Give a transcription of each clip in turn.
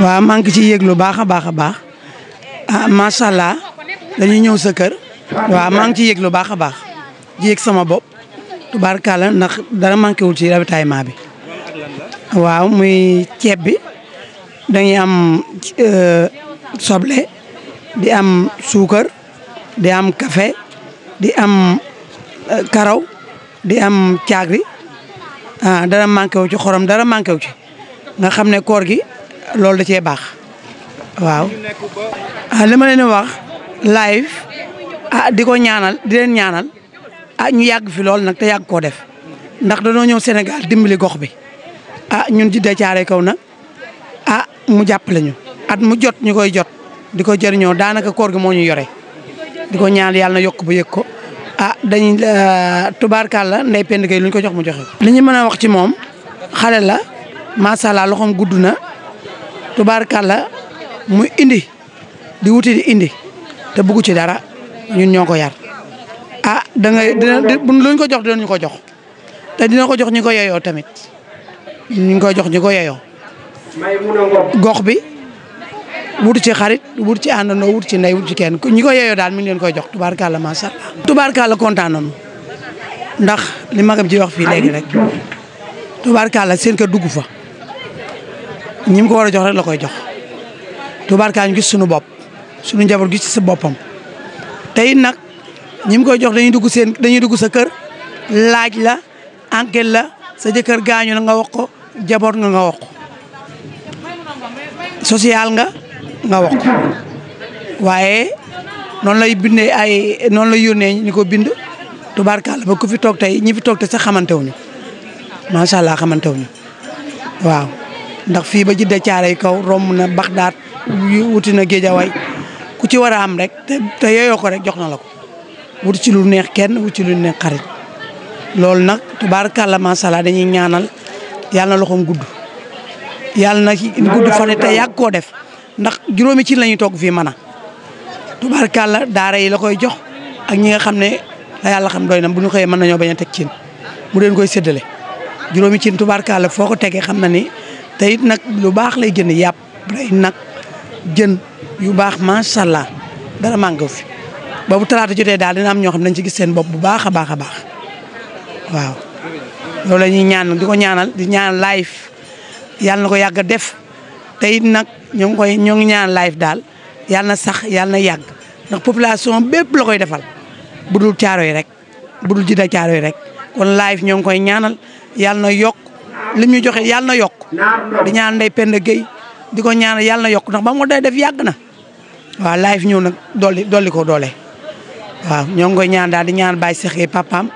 waa maa ngi ciy yëg lu baax a baax a baax ah macha allah dañuy ñëw sa kër waaw maa ngi ciy yëg baax a baax di yëg sama bopp tubaarkàlla ndax dara manqué wul ci ravitaillement bi waaw muy ceeb bi dañuy am euh, soble di am suukar di am café di am euh, karaw di am caagri ah dara manqué wu ci xorom dara manqué wu ci nga xam ne koor gi loolu da cee baax waaw. ah li ma leen wax live ah di ko ñaanal di leen ñaanal ah ñu yàgg fi lool nag te yàgg koo def ndax danoo ñëw Sénégal dimbali gox bi ah ñun Djiddah Thiaroye Kaw na a ah, mu jàpp lañu at mu jot ñu koy jot di ko jëriñoo daanaka koor gi moo ñu yore di ko ñaanal yàlla yokk bu yëg ko. a ah dañuy euh, tubaarkàlla ndey pend kay lu ñu ko jox mu joxe ko. li mën a wax ci moom xale la macha allah loxoom gudd na tubaarkàlla mu indi di wuti di indi te bugg ci dara ñun ñoo ko yar. ah da ngay dina luñ ko jox ñu ko jox te dina ko jox ñi ko yeyoo tamit ñu ko jox ñi ko yeyoo. gox bi wut ci xarit wut ci àndandoo wut ci ndey wut ci kenn ñi ko yeyoo daal mi ngi leen koy jox tubaarkàlla macha allah. tubaarkàlla kontaan noonu ndax li magam ci wax fii léegi rek tubaarkàlla seen kër dugg fa. ñi mu ko war a jox rek la koy jox tubaarkaa ñu gis suñu bopp suñu njaboot gis ci sa boppam tey nag ñi mu koy jox dañuy dugg seen dañuy dugg sa kër laaj la enquête la sa jëkkër gaañu na nga wax ko jaboot nga nga wax ko social nga nga wax ko waaye noonu lay bindee ay noonu lay yónnee ñu ko bind tubaarkàlla ba ku fi toog tey ñi fi toog tey sa xamante wuñu macha allah xamante waaw ndax fii ba jidda caaray kaw romb na baxdaat wuti na géejawaay ku ci war a am rek te te ko rek jox na la ko wut ci lu neex kenn wut ci lu neex xarit loolu nag tubaarkàlla macha allah dañuy ñaanal yàlla na loxoom gudd yàlla na gudd fan te yàgg koo def ndax juróom juróomi ci la ñuy toog fii mën a tubaarkàlla daara yi la koy jox ak ñi nga xam ne la yàlla xam doy na bu nu xëyee mën nañoo bañ a teg cin mu leen koy séddale juróomi tubaar tubaarkàlla foo ko tegee xam na ni te it nag lu baax lay jënd yàpp day nag jën yu baax macha allah dara màngo fi ba bu talaata jotee daal dina am ñoo xam ne dañ ci gis seen bopp bu baax a baax a waaw. loolu la ñuy ñaan di ko ñaanal di ñaan live yàlla na ko yàgg def te it nag ñoo koy ñoo ngi ñaan live daal yàlla na sax yàlla na yàgg ndax population bépp la koy defal budul caaro yi rek budul jida caaro yi rek kon live ñoo ngi koy ñaanal yàlla na yokk. lim ñu joxe yàlla na yokk di ñaan Ndeye Penda Gueye di ko ñaan yàlla na yokk ndax ba mu day def yàgg na waaw live ñëw nag dolli dolli ko doole waaw ñoo ngi koy ñaan daal di ñaan Baye seex Gueye papaam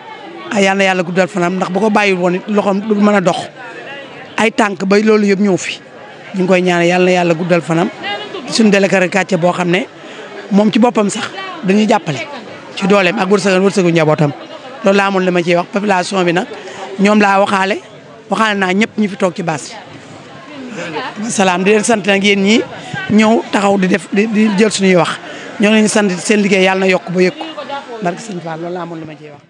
a yàlla na yàlla guddal fanam ndax bu ko bàyyi woon it loxoom du mën a dox ay tànk ba loolu yëpp ñëw fi ñu ngi koy ñaan yàlla na yàlla guddal fanam suñu délégué quartier boo xam ne moom ci boppam sax dañuy jàppale ci dooleem ak wërsëgu wërsëgu njabootam loolu laa amoon bi nag waxaale naa ñëpp ñu fi toog ci baas salaam di leen sant nag yéen ñi ñëw taxaw di def di jël suñuy wax ñoo ngi leen sant seen liggéey yàlla na yokk ba yëkku barke sëñ Fall loolu laa amoon lu ma ciy wax.